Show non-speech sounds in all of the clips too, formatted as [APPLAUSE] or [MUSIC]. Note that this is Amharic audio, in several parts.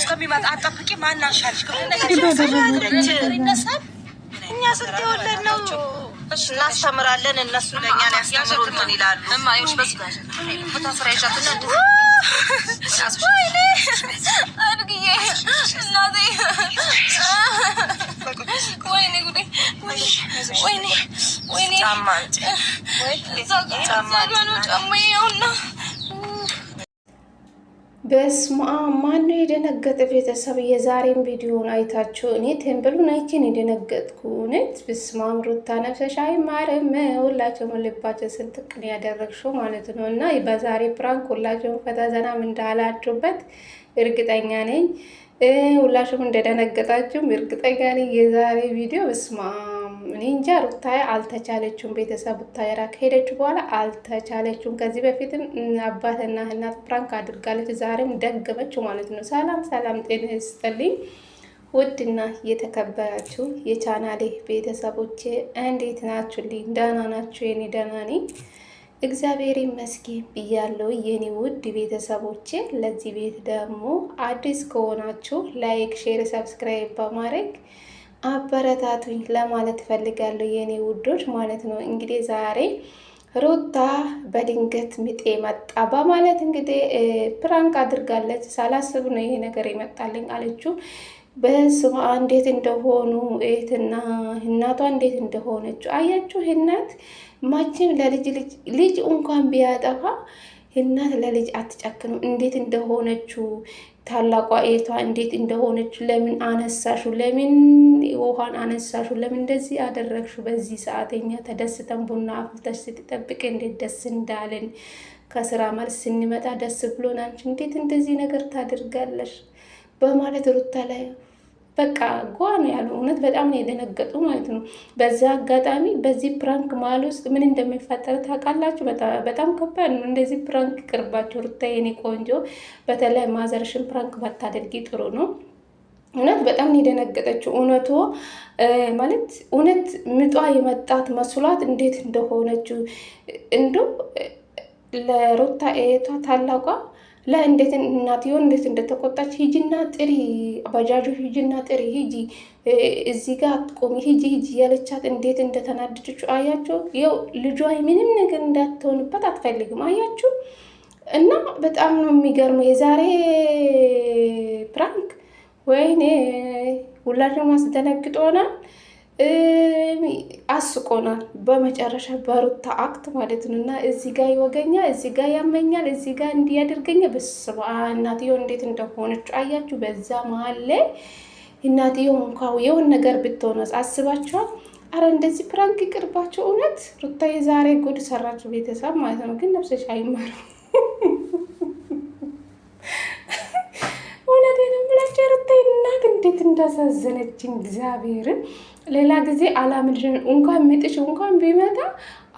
እስከሚመጣ አጠብቂ ማናሻልሽ ይነሳል። እኛ ስንት የወለድ ነው እናስተምራለን። እነሱ ለእኛ ያስተምሩልን ይላሉ። ወይኔ ወይኔ በስማ ማነው የደነገጠ? ቤተሰብ የዛሬን ቪዲዮን አይታችሁ እኔ ቴምብሉን አይቼን የደነገጥኩ እውነት። ብስማም ሩታ ነፍሰሽ አይማርም። ሁላችሁም ልባችን ስንጥቅ ያደረግሽው ማለት ነው። እና በዛሬ ፕራንክ ሁላችሁም ፈታዘናም እንዳላችሁበት እርግጠኛ ነኝ። ሁላችሁም እንደደነገጣችሁም እርግጠኛ ነኝ። የዛሬ ቪዲዮ ብስማ እኔ እንጃ ሩታዬ አልተቻለችውም። ቤተሰብ ብታየራ ከሄደች በኋላ አልተቻለችውም። ከዚህ በፊትም አባትና እናት ፕራንክ አድርጋለች፣ ዛሬም ደገመችው ማለት ነው። ሰላም ሰላም፣ ጤና ይስጥልኝ ውድና የተከበራችሁ የቻናሌ ቤተሰቦቼ እንዴት ናችሁልኝ? ደህና ናችሁ? የኔ ደህና ነኝ እግዚአብሔር ይመስገን ብያለሁ። የኔ ውድ ቤተሰቦቼ ለዚህ ቤት ደግሞ አዲስ ከሆናችሁ ላይክ፣ ሼር፣ ሰብስክራይብ በማድረግ አበረታቱኝ ለማለት እፈልጋለሁ የእኔ ውዶች ማለት ነው። እንግዲህ ዛሬ ሩታ በድንገት ምጤ መጣ በማለት እንግዲህ ፕራንክ አድርጋለች። ሳላስብ ነው ይሄ ነገር ይመጣልኝ አለችው። በስማ እንዴት እንደሆኑ እህትና እናቷ እንዴት እንደሆነች አያችሁ። እናት ማችም ለልጅ ልጅ እንኳን ቢያጠፋ እናት ለልጅ አትጨክንም። እንዴት እንደሆነችው ታላቋ እህቷ እንዴት እንደሆነች ለምን አነሳሹ? ለምን ውሃን አነሳሹ? ለምን እንደዚህ አደረግሹ? በዚህ ሰዓተኛ ተደስተን ቡና አፍልተሽ ስትጠብቅ እንዴት ደስ እንዳለን። ከስራ መልስ ስንመጣ ደስ ብሎናል። እንዴት እንደዚህ ነገር ታደርጋለሽ? በማለት ሩታ ላይ በቃ ጓ ነው ያሉ። እውነት በጣም ነው የደነገጡ ማለት ነው። በዛ አጋጣሚ በዚህ ፕራንክ መሀል ውስጥ ምን እንደሚፈጠር ታውቃላችሁ? በጣም ከባድ ነው። እንደዚህ ፕራንክ ቅርባቸው ሩታ የኔ ቆንጆ፣ በተለይ ማዘርሽን ፕራንክ ባታደርጊ ጥሩ ነው። እውነት በጣም የደነገጠችው እውነቶ ማለት እውነት ምጧ የመጣት መስሏት እንዴት እንደሆነችው እንዶ ለሩታ ታላቋ ለእንዴት እናትዮ እንዴት እንደተቆጣች ሂጂና ጥሪ አባጃጆ ሂጂና ጥሪ ሂጂ እዚህ ጋር አትቆሚ ሂጂ ሂጂ ያለቻት እንዴት እንደተናደደች አያቸው። ይኸው ልጇ ምንም ነገር እንዳትሆንበት አትፈልግም አያችሁ። እና በጣም ነው የሚገርመው የዛሬ ፕራንክ። ወይኔ ሁላችንም አስደነግጦናል። አስቆናል። በመጨረሻ በሩታ አክት ማለት ነው እና እዚህ ጋር ይወገኛል፣ እዚህ ጋር ያመኛል፣ እዚህ ጋር እንዲያደርገኛል። በስመ አብ እናትየው እንዴት እንደሆነች አያችሁ። በዛ መሀል ላይ እናትየው እንኳ የውን ነገር ብትሆነ አስባችኋል? አረ እንደዚህ ፕራንክ ይቅርባቸው። እውነት ሩታ የዛሬ ጉድ ሰራችሁ ቤተሰብ ማለት ነው። ግን ነፍሰሽ አይማርም [LAUGHS] እናት እንዴት እንዳሳዘነችን እግዚአብሔርን። ሌላ ጊዜ አላምድርን እንኳን ምጥሽ እንኳን ቢመጣ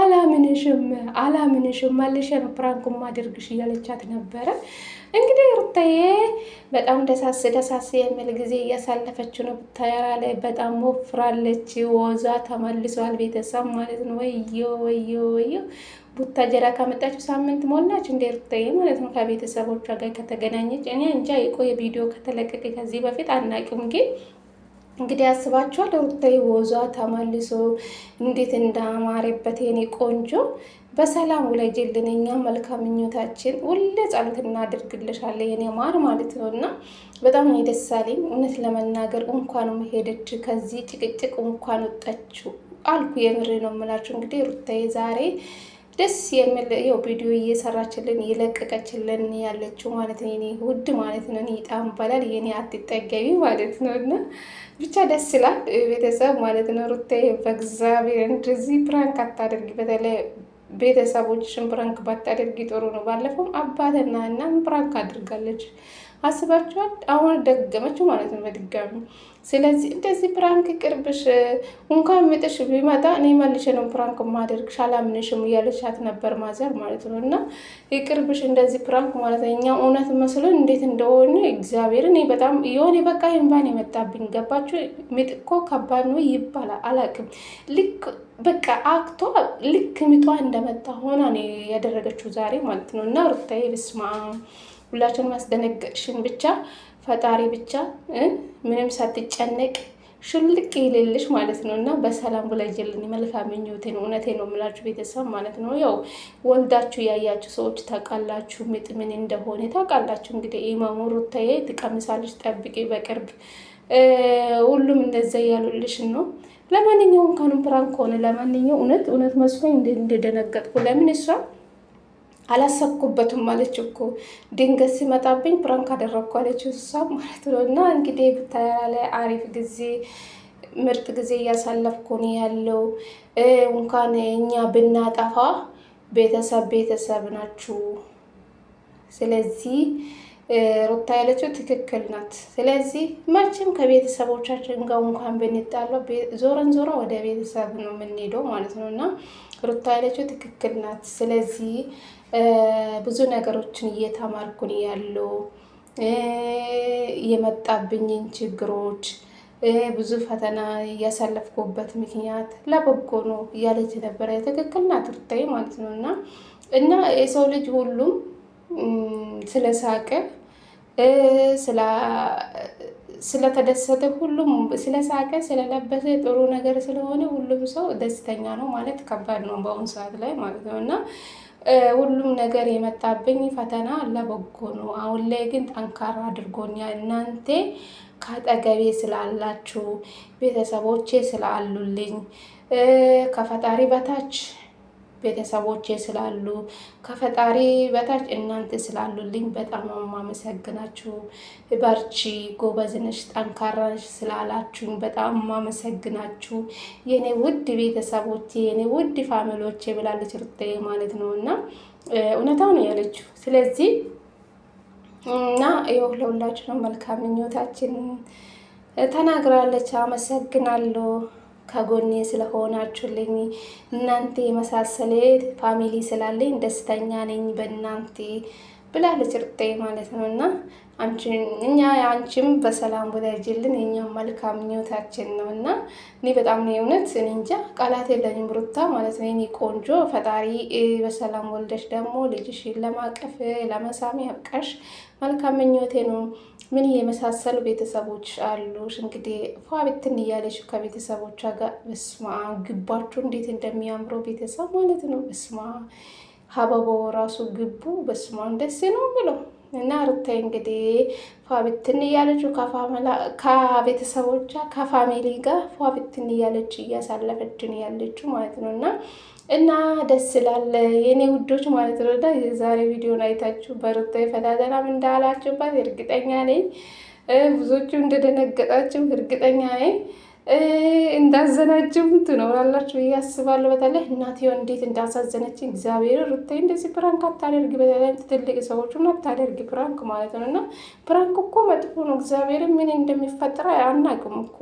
አላምንሽም አላምንሽም መልሼ ነው ፕራንክ ማድረግሽ እያለቻት ነበረ። እንግዲህ ሩታዬ በጣም ደሳስ ደሳስ የሚል ጊዜ እያሳለፈች ነው። ብታያራ ላይ በጣም ወፍራለች። ወዛ ተመልሷል ቤተሰብ ማለት ነው። ወዮ ወዮ ወዮ ቡታጀራ ካመጣችው ሳምንት ሞላች እንደ ሩታዬ ማለት ነው። ከቤተሰቦቿ ጋር ከተገናኘች እኔ እንጃ የቆየ ቪዲዮ ከተለቀቀ ከዚህ በፊት አናውቅም ግን እንግዲህ አስባችኋል። ወቅታዊ ወዟ ተመልሶ እንዴት እንዳማረበት የኔ ቆንጆ በሰላም ውለጅልን። እኛ መልካም ምኞታችን ሁሌ ጸሎት እናደርግልሻለን የኔ ማር ማለት ነው። እና በጣም ነው ደስ አለኝ እውነት ለመናገር እንኳን መሄደች ከዚህ ጭቅጭቅ እንኳን ወጣችሁ አልኩ። የምሬ ነው የምላችሁ። እንግዲህ ሩታዬ ዛሬ ደስ የሚል ያው ቪዲዮ እየሰራችልን እየለቀቀችልን ያለችው ማለት ነው። የኔ ውድ ማለት ነው። እኔ ጣም ይባላል የኔ አትጠገቢ ማለት ነው። እና ብቻ ደስ ይላል ቤተሰብ ማለት ነው። ሩታዬ በእግዚአብሔር እንደዚህ ፕራንክ አታደርጊ። በተለይ ቤተሰቦችሽን ፕራንክ ባታደርጊ ጥሩ ነው። ባለፈውም አባትና እናም ፕራንክ አድርጋለች። አስባችኋል? አሁን ደገመችው ማለት ነው በድጋሚ። ስለዚህ እንደዚህ ፕራንክ ቅርብሽ እንኳን ምጥሽ ቢመጣ እኔ መልሼ ነው ፕራንክ ማደርግሽ አላምንሽም እያለቻት ነበር ማዘር ማለት ነው። እና የቅርብሽ እንደዚህ ፕራንክ ማለት እኛ እውነት መስሎን እንዴት እንደሆነ እግዚአብሔር እኔ በጣም የሆነ በቃ ይንባን የመጣብኝ ገባችሁ። ምጥ እኮ ከባድ ነው ይባላል አላቅም ልክ በቃ አክቶ ልክ ምጧ እንደመጣ ሆና ነው ያደረገችው ዛሬ ማለት ነው። እና ሩታዬ ብስማ ሁላችሁን ማስደነገጥሽን ብቻ ፈጣሪ ብቻ ምንም ሳትጨነቅ ሽልቅ ይልልሽ ማለት ነው እና በሰላም ብለጅልን መልካም ነው። እውነቴ ነው የምላችሁ ቤተሰብ ማለት ነው። ያው ወልዳችሁ ያያችሁ ሰዎች ታውቃላችሁ፣ ምጥ ምን እንደሆነ ታውቃላችሁ። እንግዲህ ኢማሙ ሩታዬ ትቀምሳለች፣ ጠብቂ በቅርብ ሁሉም እንደዛ እያሉልሽ ነው። ለማንኛውም ካኑን ፕራንክ ሆነ ለማንኛው እውነት እውነት መስሎኝ እንደደነገጥኩ ለምን እሷ አላሰብኩበትም አለች እኮ ድንገት ሲመጣብኝ ፕራንክ አደረግኩ አለች እሷ ማለት ነው። እና እንግዲህ ብታያራ ላይ አሪፍ ጊዜ ምርጥ ጊዜ እያሳለፍኩ ነው ያለው። እንኳን እኛ ብናጠፋ ቤተሰብ ቤተሰብ ናችሁ። ስለዚህ ሩታ ያለችው ትክክል ናት። ስለዚህ መቼም ከቤተሰቦቻችን ጋር እንኳን ብንጣለ ዞረን ዞረ ወደ ቤተሰብ ነው የምንሄደው ማለት ነው እና ሩታ ያለችው ትክክል ናት። ስለዚህ ብዙ ነገሮችን እየተማርኩን ያለው የመጣብኝን ችግሮች ብዙ ፈተና እያሳለፍኩበት ምክንያት ለበጎ ነው እያለች ነበረ። ትክክል ናት ሩታዬ ማለት ነው። እና እና የሰው ልጅ ሁሉም ስለሳቀ ስለተደሰተ ሁሉም ሳቀ ስለለበሰ ጥሩ ነገር ስለሆነ ሁሉም ሰው ደስተኛ ነው ማለት ከባድ ነው በአሁኑ ሰዓት ላይ ማለት ነው እና ሁሉም ነገር የመጣብኝ ፈተና ለበጎ ነው። አሁን ላይ ግን ጠንካራ አድርጎኛል። እናንተ ካጠገቤ ስላላችሁ፣ ቤተሰቦቼ ስላሉልኝ ከፈጣሪ በታች ቤተሰቦቼ ስላሉ ከፈጣሪ በታች እናንተ ስላሉልኝ በጣም ማመሰግናችሁ። በርቺ፣ ጎበዝነሽ፣ ጠንካራነሽ ስላላችሁኝ በጣም ማመሰግናችሁ የኔ ውድ ቤተሰቦቼ፣ የኔ ውድ ፋሚሎቼ ብላለች ሩታ ማለት ነው እና እውነታው ነው ያለችው። ስለዚህ እና ይኸው ለሁላችሁ ነው መልካም ምኞታችን ተናግራለች። አመሰግናለሁ። ከጎኔ ስለሆናችሁልኝ እናንተ የመሳሰለ ፋሚሊ ስላለኝ ደስተኛ ነኝ በእናንተ ብላለች ሩታዬ ማለት ነው። እና እኛ አንቺም በሰላም ወዳጅልን የኛ መልካም ምኞታችን ነው። እና እኔ በጣም ነው የእውነት እኔ እንጃ ቃላት የለኝም ሩታ ማለት ነው። እኔ ቆንጆ ፈጣሪ በሰላም ወልደሽ ደግሞ ልጅሽን ለማቀፍ ለመሳም ያብቃሽ መልካም ምኞቴ ነው። ምን የመሳሰሉ ቤተሰቦች አሉሽ እንግዲህ ፏ ብትን እያለሽ ከቤተሰቦቿ ጋር በስማ ግባችሁ እንዴት እንደሚያምረው ቤተሰብ ማለት ነው በስማ አበባው ራሱ ግቡ በስማን ደስ ነው ብለው እና ሩታዬ እንግዲህ ፏብትን ብትን እያለች ከቤተሰቦቿ ከፋሚሊ ጋር ፏብትን ብትን እያለች እያሳለፈችን ያለችው ማለት ነው እና እና ደስ ላለ የኔ ውዶች ማለት ነው። እና የዛሬ ቪዲዮን አይታችሁ በሩታዬ ፈታተናም እንዳላችሁባት እርግጠኛ ነኝ። ብዙዎቹ እንደደነገጣችሁ እርግጠኛ ነኝ። እንዳዘናጅም ትኖራላችሁ ብዬ አስባለሁ። በተለይ እናቴ እንዴት እንዳሳዘነች እግዚአብሔር ሩታዬ፣ እንደዚህ ፕራንክ አታደርግ፣ በተለይ ትልቅ ሰዎቹን አታደርግ ፕራንክ ማለት ነው። እና ፕራንክ እኮ መጥፎ ነው። እግዚአብሔር ምን እንደሚፈጠር አናቅም እኮ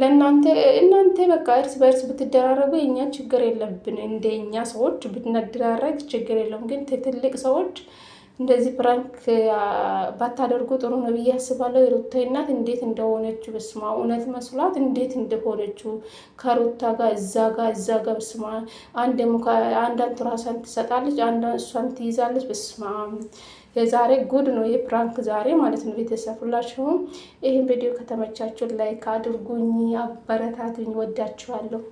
ለእናንተ እናንተ በቃ እርስ በእርስ ብትደራረጉ የኛ ችግር የለብን። እንደ እኛ ሰዎች ብትነደራረግ ችግር የለም። ግን ትልቅ ሰዎች እንደዚህ ፕራንክ ባታደርጉ ጥሩ ነው ብዬ አስባለሁ። የሩታ እናት እንዴት እንደሆነችው በስማ እውነት መስሏት እንዴት እንደሆነችው ከሩታ ጋር እዛ ጋር እዛ ጋር በስማ አንድ ሞ አንዳንድ ራሷን ትሰጣለች፣ አንዳንድ እሷን ትይዛለች። በስማ የዛሬ ጉድ ነው ይህ ፕራንክ ዛሬ ማለት ነው። ቤተሰብ ሁላችሁም ይህን ቪዲዮ ከተመቻችሁ ላይክ አድርጉኝ፣ አበረታቱኝ። ወዳችኋለሁ።